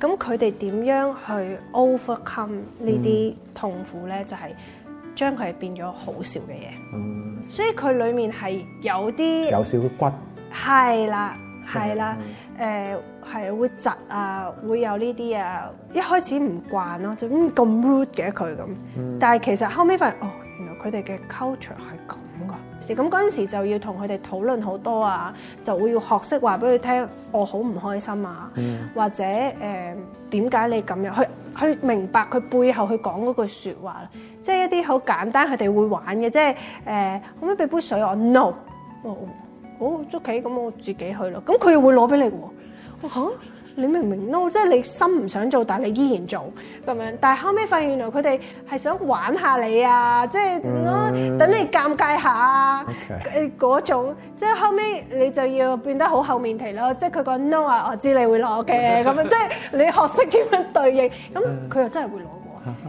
咁佢哋點樣去 overcome 呢啲痛苦咧？Mm. 就係將佢係變咗好笑嘅嘢。嗯，mm. 所以佢裡面係有啲有少骨。係啦，係啦，誒係、嗯呃、會窒啊，會有呢啲啊，一開始唔慣咯、啊，就咁咁 root 嘅佢咁，嗯嗯嗯嗯、但係其實後尾發現哦，原來佢哋嘅 culture 係咁噶，咁嗰陣時就要同佢哋討論好多啊，就會要學識話俾佢聽，我好唔開心啊，嗯、或者誒點解你咁樣？去去明白佢背後去講嗰句説話，即、就、係、是、一啲好簡單，佢哋會玩嘅，即係誒可唔可以俾杯水我？No，冇。哦哦，捉棋咁我自己去咯，咁佢又會攞俾你喎。嚇，你明唔明？no，即係你心唔想做，但係你依然做咁樣。但係後尾發現原來佢哋係想玩下你啊，即係等你尷尬下誒嗰種。即係後尾你就要變得好厚面皮咯。即係佢講 no 啊，我知你會攞嘅咁樣。即係你學識點樣對應，咁佢又真係會攞。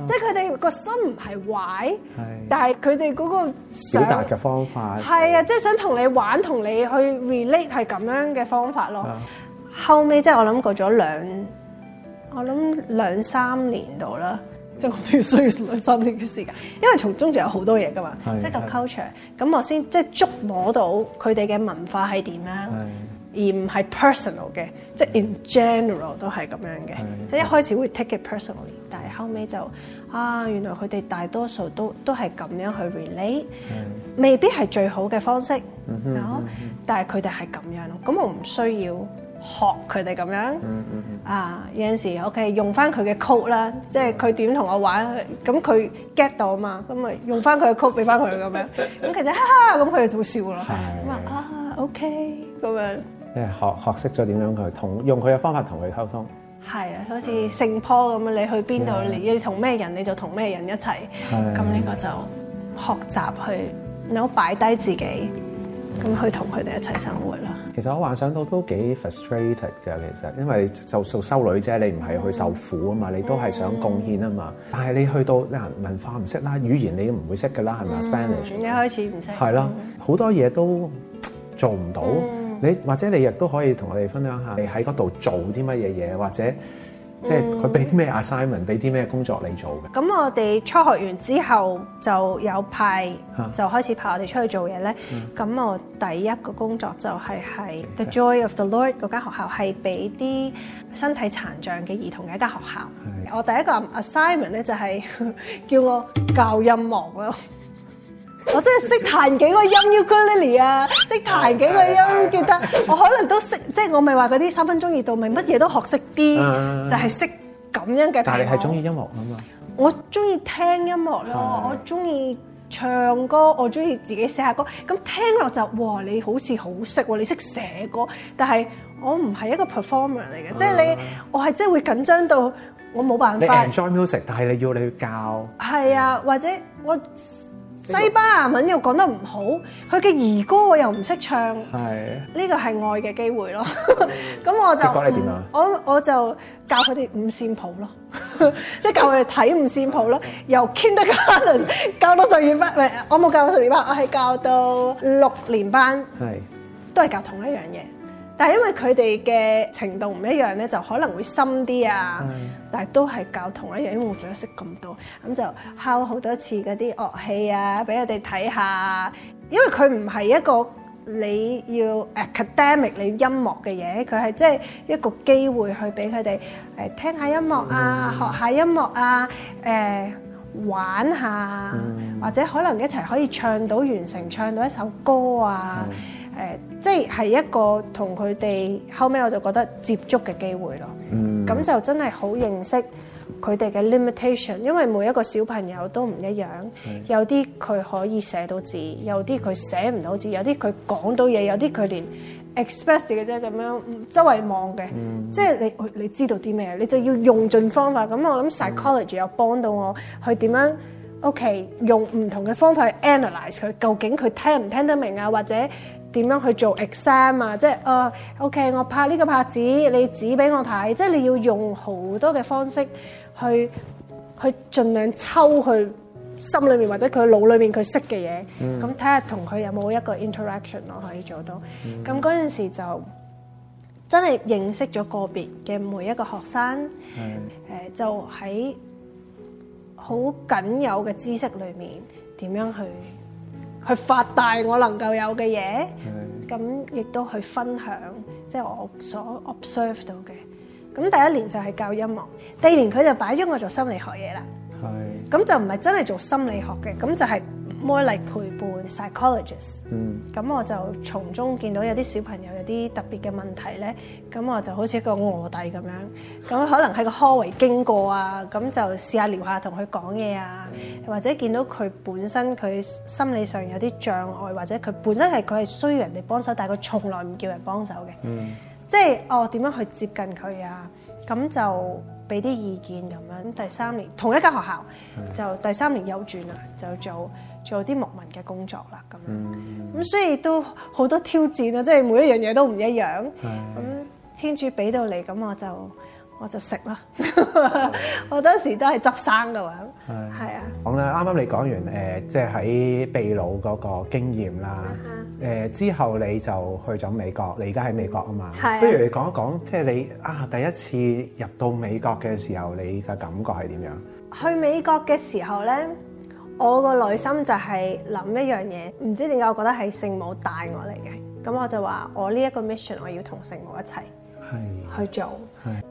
即係佢哋個心唔係壞，但係佢哋嗰個表達嘅方法係啊，的的即係想同你玩，同你去 relate 係咁樣嘅方法咯。的後尾即係我諗過咗兩，我諗兩三年度啦，即係我都要需要兩三年嘅時間，因為從中就有好多嘢噶嘛，即係的個 culture，咁的我先即係捉摸到佢哋嘅文化係點樣。而唔係 personal 嘅，即係 in general 都係咁樣嘅。即係一開始會 take it personally，但係後尾就啊，原來佢哋大多數都都係咁樣去 relate，未必係最好嘅方式。好，但係佢哋係咁樣咯。咁我唔需要學佢哋咁樣。啊，有陣時 OK，用翻佢嘅 code 啦，即係佢點同我玩，咁佢 get 到啊嘛，咁啊用翻佢嘅 code 俾翻佢咁樣，咁其實哈哈，咁佢哋就會笑咯。咁啊，OK，咁樣。誒學學識咗點樣佢同用佢嘅方法同佢溝通，係啊、yeah, well，好似聖坡咁啊，你去邊度，你同咩人你就同咩人一齊，咁呢個就學習去，你好擺低自己，咁去同佢哋一齊生活啦。其實我幻想到都幾 frustrated 嘅，其實，因為就做修女啫，你唔係去受苦啊嘛，你都係想貢獻啊嘛，但係你去到嗱文化唔識啦，語言你都唔會識嘅啦，係咪 Spanish 你開始唔識係咯，好多嘢都做唔到。你或者你亦都可以同我哋分享下，你喺嗰度做啲乜嘢嘢，或者即係佢俾啲咩 assignment，俾啲咩工作你做嘅。咁、嗯、我哋初學完之後就有派，就開始派我哋出去做嘢咧。咁、嗯、我第一個工作就係喺 The Joy of the Lord 嗰間學校，係俾啲身體殘障嘅兒童嘅一間學校。的我第一個 assignment 咧就係叫我教音樂咯。 我真係識彈幾個音，Ukulele 啊，識彈幾個音，記、啊、得我可能都識，即係我咪話嗰啲三分鐘熱度，咪乜嘢都學識啲，就係識咁樣嘅。但係你係中意音樂啊嘛？我中意聽音樂咯，的我中意唱歌，我中意自己寫下歌。咁聽落就，哇，你好似好識喎，你識寫歌，但係我唔係一個 performer 嚟嘅，的即係你我係真係會緊張到我冇辦法。你 enjoy music，但係你要你去教。係啊，或者我。西班牙文又講得唔好，佢嘅兒歌我又唔識唱，係呢個係愛嘅機會咯。咁 我就教你點樣我我就教佢哋五線譜咯，即 係教佢哋睇五線譜咯。 由 Kindergarten 教到十二班，唔係，我冇教到十二班，我係教到六年班，係的都係教同一樣嘢。但係因為佢哋嘅程度唔一樣咧，就可能會深啲啊。的但係都係教同一樣，因為我仲識咁多，咁就敲好多次嗰啲樂器啊，俾佢哋睇下。因為佢唔係一個你要誒 ac academic 你音樂嘅嘢，佢係即係一個機會去俾佢哋誒聽下音樂啊，嗯、學下音樂啊，誒、呃、玩下，嗯、或者可能一齊可以唱到完成唱到一首歌啊。嗯。誒、呃，即係一個同佢哋後尾我就覺得接觸嘅機會咯。咁、mm. 就真係好認識佢哋嘅 limitation，因為每一個小朋友都唔一樣。Mm. 有啲佢可以寫到字，有啲佢寫唔到字，有啲佢講到嘢，有啲佢連 express 嘅啫咁樣，周圍望嘅。即係你，你知道啲咩？你就要用盡方法。咁我諗 psychology 又、mm. 幫到我去點樣？O.K. 用唔同嘅方法去 analyze 佢，究竟佢聽唔聽得明啊？或者點樣去做 exam 啊？即係啊，O.K. 我拍呢個拍子，你指俾我睇。即係你要用好多嘅方式去去盡量抽去心裏面或者佢腦裏面佢識嘅嘢，咁睇下同佢有冇一個 interaction 我可以做到。咁嗰陣時就真係認識咗個別嘅每一個學生。誒、mm hmm. 呃，就喺。好僅有嘅知識裏面，點樣去去發大我能夠有嘅嘢？咁亦都去分享，即係我所 observe 到嘅。咁第一年就係教音樂，第二年佢就擺咗我做心理學嘢啦。係，咁就唔係真係做心理學嘅，咁就係。More like 陪伴 psychologist，咁、mm. 我就從中見到有啲小朋友有啲特別嘅問題咧，咁我就好似一個臥底咁樣，咁可能喺個 hall 經過啊，咁就試下聊下同佢講嘢啊，mm. 或者見到佢本身佢心理上有啲障礙，或者佢本身係佢係需要人哋幫手，但係佢從來唔叫人幫手嘅，mm. 即係我點樣去接近佢啊？咁就俾啲意見咁樣。第三年同一間學校，就第三年有轉啦，就做。做啲牧民嘅工作啦，咁咁所以都好多挑戰啊。即係、mm hmm. 每一樣嘢都唔一樣。咁、mm hmm. 天主俾到你，咁我就我就食咯。我當時都係執生嘅話，係啊。好啦，啱啱你講完誒，即係喺秘魯嗰個經驗啦，誒之後你就去咗美國，你而家喺美國啊嘛。不如你講一講，即係你啊第一次入到美國嘅時候，你嘅感覺係點樣？去美國嘅時候咧。Huh. 我個內心就係諗一樣嘢，唔知點解我覺得係聖母帶我嚟嘅，咁我就話我呢一個 mission 我要同聖母一齊去做。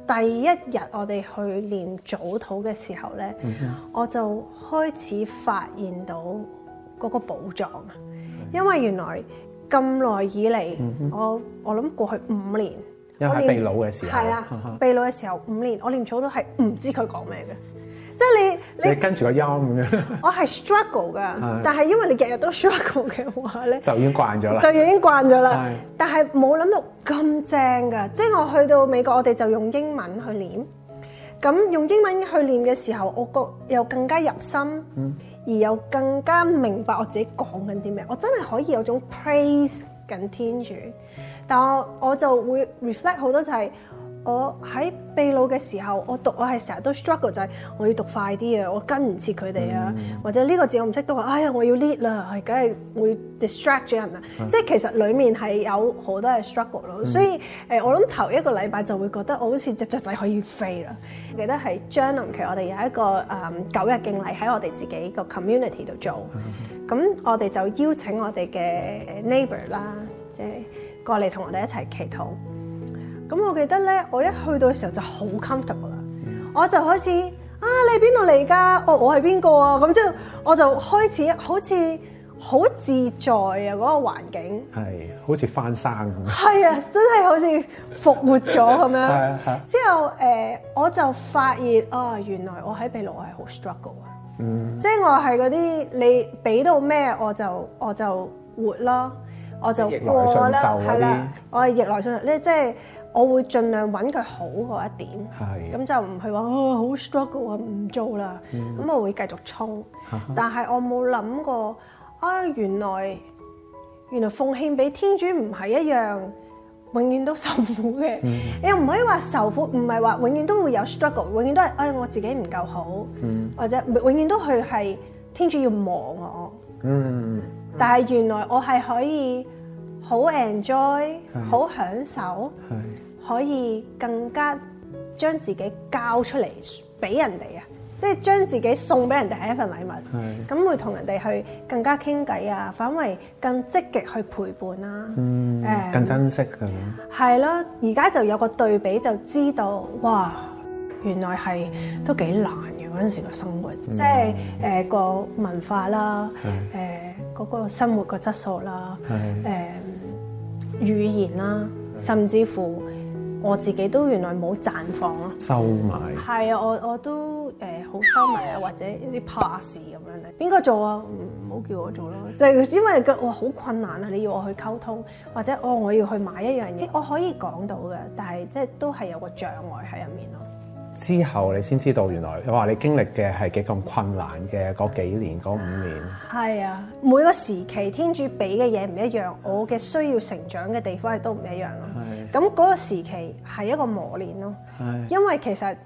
第一日我哋去念早禱嘅時候咧，我就開始發現到嗰個寶藏啊，因為原來咁耐以嚟，我我諗過去五年，因為係秘魯嘅時候，係啊，秘魯嘅時候五年，我念早禱係唔知佢講咩嘅。即係你你，你跟住個音咁樣，我係 struggle 噶， 但係因為你日日都 struggle 嘅話咧， 就已經慣咗啦， 就已經慣咗啦。 但係冇諗到咁正噶，即係我去到美國，我哋就用英文去練，咁用英文去練嘅時候，我個又更加入心，而又更加明白我自己講緊啲咩。我真係可以有種 praise 緊天主，但我我就會 reflect 好多就係、是。我喺秘魯嘅時候，我讀我係成日都 struggle 就係我要讀快啲啊，我跟唔切佢哋啊，嗯、或者呢個字我唔識都話，哎呀我要 lead 啦，係梗係會 distract 咗人啊，嗯、即係其實裡面係有好多係 struggle 咯、嗯，所以誒、呃、我諗頭一個禮拜就會覺得我好似隻雀仔可以飛啦。嗯、記得係將臨期我哋有一個誒、嗯、九日敬禮喺我哋自己個 community 度做，咁、嗯、我哋就邀請我哋嘅 neighbor 啦，即係過嚟同我哋一齊祈禱。咁我記得咧，我一去到嘅時候就好 comfortable 啦，嗯、我就開始啊，你喺邊度嚟噶？我我係邊個啊？咁之後我就開始好似好自在啊嗰、那個環境，係好似翻生咁，係啊，真係好似復活咗咁樣。 之後誒、呃，我就發現啊、哦，原來我喺鼻落秘魯係好 struggle 啊，嗯即，即係我係嗰啲你俾到咩，我就我就活咯，我就過逆來順受嗰啲，我係逆來順受即係。即我會盡量揾佢好嗰一點，咁就唔係話啊好 struggle 啊唔做啦，咁我會繼續衝。但係我冇諗過啊原來原來奉獻俾天主唔係一樣，永遠都受苦嘅。你又唔可以話受苦，唔係話永遠都會有 struggle，永遠都係唉我自己唔夠好，或者永遠都去係天主要磨我。嗯，但係原來我係可以好 enjoy，好享受。可以更加將自己交出嚟俾人哋啊！即係將自己送俾人哋係一份禮物，咁的會同人哋去更加傾偈啊，反為更積極去陪伴啦，誒、嗯，um, 更珍惜嘅。係咯，而家就有個對比，就知道哇，原來係都幾難嘅嗰陣時嘅生活，即係誒個文化啦，誒嗰個生活個質素啦，誒的、呃、語言啦，甚至乎。我自己都原來冇綻放咯、啊，收埋買。係啊，我我都誒好、呃、收埋啊，或者一啲怕事咁樣咧。邊個做啊？唔好、嗯、叫我做咯、啊，就係、是、因為覺得好困難啊！你要我去溝通，或者哦我要去買一樣嘢，我可以講到嘅，但係即係都係有個障礙喺入面咯。之後你先知道原來，你話你經歷嘅係幾咁困難嘅嗰幾年嗰五年。係啊，每個時期天主俾嘅嘢唔一樣，我嘅需要成長嘅地方亦都唔一樣咯。係啊。咁嗰個時期係一個磨練咯。係、啊。因為其實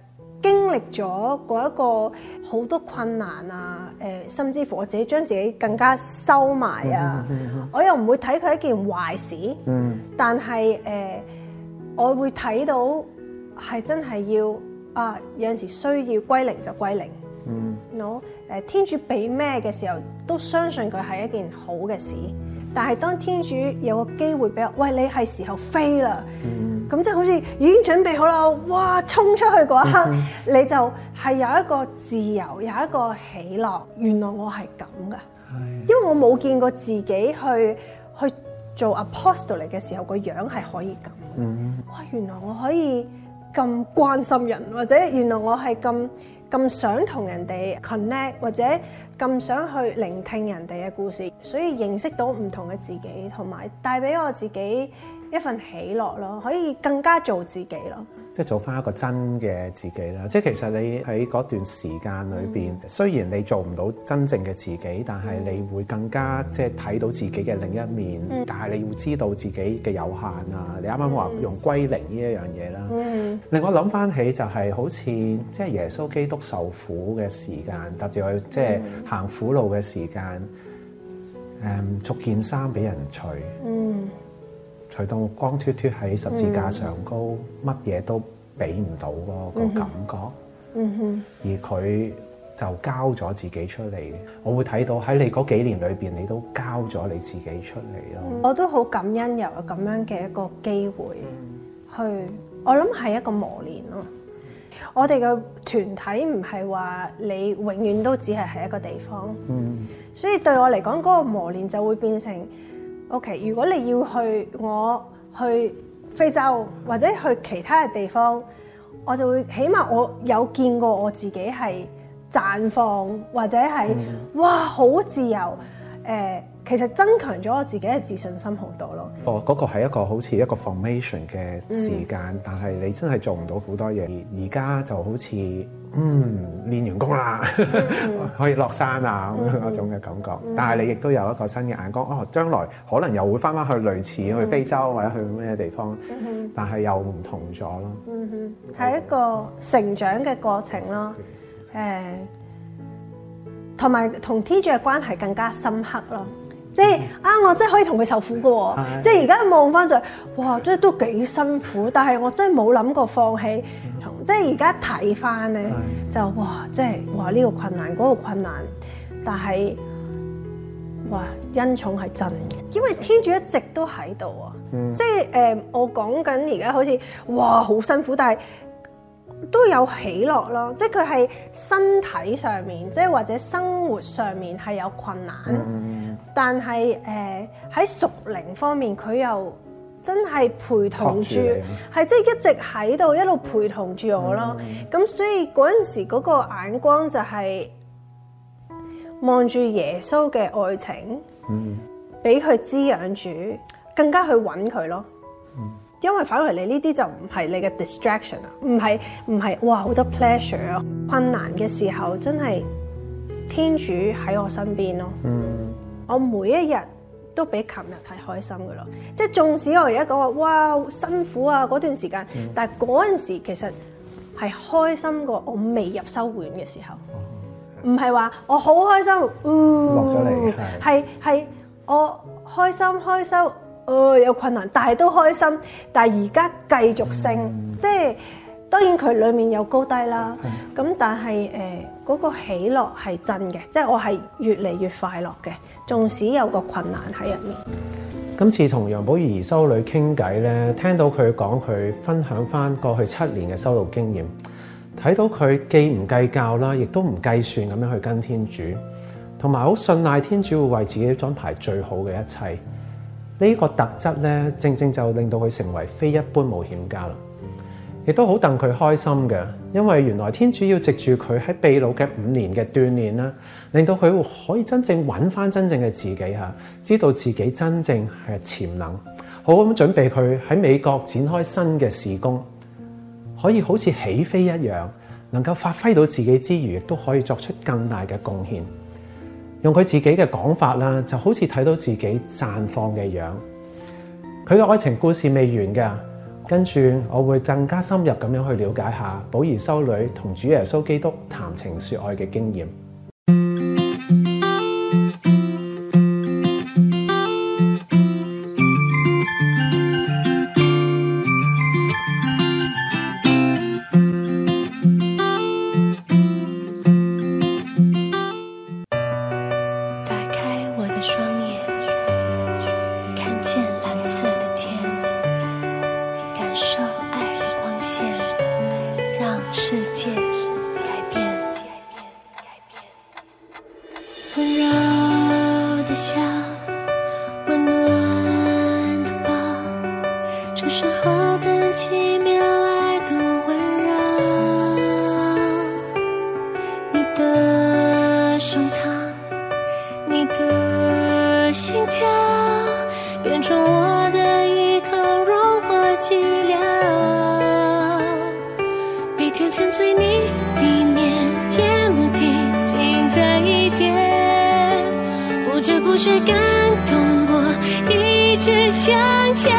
經歷咗嗰一個好多困難啊，誒、呃，甚至乎我自己將自己更加收埋啊，我又唔會睇佢一件壞事。嗯。嗯嗯，但係誒、呃，我會睇到係真係要。啊，有陣時需要歸零就歸零。嗯、mm，我、hmm. 誒天主俾咩嘅時候，都相信佢係一件好嘅事。但係當天主有個機會俾我，喂你係時候飛啦。咁即係好似已經準備好啦，哇衝出去嗰刻，mm hmm. 你就係有一個自由，有一個喜樂。原來我係咁噶，因為我冇見過自己去去做 apostle 嚟嘅時候個樣係可以咁。哇、mm，hmm. 原來我可以。咁關心人，或者原來我係咁咁想同人哋 connect，或者咁想去聆聽人哋嘅故事，所以認識到唔同嘅自己，同埋帶畀我自己。一份喜樂咯，可以更加做自己咯，即係做翻一個真嘅自己啦。即係其實你喺嗰段時間裏邊，嗯、雖然你做唔到真正嘅自己，但係你會更加、嗯、即係睇到自己嘅另一面。嗯、但係你會知道自己嘅有限啊。你啱啱話用歸零呢一樣嘢啦，嗯，令我諗翻起就係好似即係耶穌基督受苦嘅時間，特別去即係行苦路嘅時間，誒、嗯，逐、嗯、件衫俾人除，嗯。佢到光脫脫喺十字架上高，乜嘢、嗯、都俾唔到咯，個、嗯、感覺。嗯哼、嗯。而佢就交咗自己出嚟，我會睇到喺你嗰幾年裏邊，你都交咗你自己出嚟咯。嗯、我都好感恩由有咁樣嘅一個機會去，去我諗係一個磨練咯。我哋嘅團體唔係話你永遠都只係喺一個地方。嗯。所以對我嚟講，嗰、嗰個磨練就會變成。OK，如果你要去我去非洲或者去其他嘅地方，我就會，起碼我有見過我自己係綻放，或者係哇好自由誒。呃其實增強咗我自己嘅自信心好多咯。哦，嗰、那個係一個好似一個 formation 嘅時間，嗯、但係你真係做唔到好多嘢。而家就好似嗯，嗯練完功啦，嗯、 可以落山啦咁樣嗰種嘅感覺。嗯、但係你亦都有一個新嘅眼光。哦，將來可能又會返返去類似去非洲或者去咩地方，但係又唔同咗咯嗯。嗯哼，係、嗯、一個成長嘅過程咯。誒，同埋同天主嘅關係更加深刻咯、嗯。嗯即係啊！我真係可以同佢受苦嘅。哦，的即係而家望翻，就哇，即係都幾辛苦。但係我真係冇諗過放棄。即係而家睇翻咧，就哇，即係哇呢個困難，嗰、那個困難。但係哇恩寵係真嘅，因為天主一直都喺度啊。嗯、即係誒、呃，我講緊而家好似哇好辛苦，但係都有喜樂咯。即係佢係身體上面，即係或者生活上面係有困難。嗯但係誒喺屬靈方面，佢又真係陪同住，係即係一直喺度一路陪同住我咯。咁、嗯嗯、所以嗰陣時嗰個眼光就係望住耶穌嘅愛情，嗯，俾佢滋養住，更加去搵佢咯。嗯、因為反而你呢啲就唔係你嘅 distraction 啊，唔係唔係哇好多 pleasure。啊！困難嘅時候真係天主喺我身邊咯，嗯。我每一日都比琴日係開心嘅咯，即係縱使我而家講話，哇辛苦啊嗰段時間，嗯、但係嗰陣時其實係開心過我未入修院嘅時候，唔係話我好開心，嗯，落咗嚟係係我開心開心，誒、呃、有困難，但係都開心，但係而家繼續升，嗯、即係。當然佢裡面有高低啦，咁、嗯、但係誒嗰個喜樂係真嘅，即、就、係、是、我係越嚟越快樂嘅，縱使有個困難喺入面。今次同楊葆怡修女傾偈咧，聽到佢講佢分享翻過去七年嘅修道經驗，睇到佢既唔計較啦，亦都唔計算咁樣去跟天主，同埋好信賴天主會為自己安排最好嘅一切。呢、這個特質咧，正正就令到佢成為非一般冒險家啦。亦都好戥佢開心嘅，因為原來天主要藉住佢喺秘魯嘅五年嘅鍛煉啦，令到佢可以真正揾翻真正嘅自己吓，知道自己真正係潛能，好好準備佢喺美國展開新嘅事工，可以好似起飛一樣，能夠發揮到自己之餘，亦都可以作出更大嘅貢獻。用佢自己嘅講法啦，就好似睇到自己綻放嘅樣。佢嘅愛情故事未完噶。跟住，我會更加深入咁樣去了解下葆怡修女同主耶穌基督談情説愛嘅經驗。一直向前。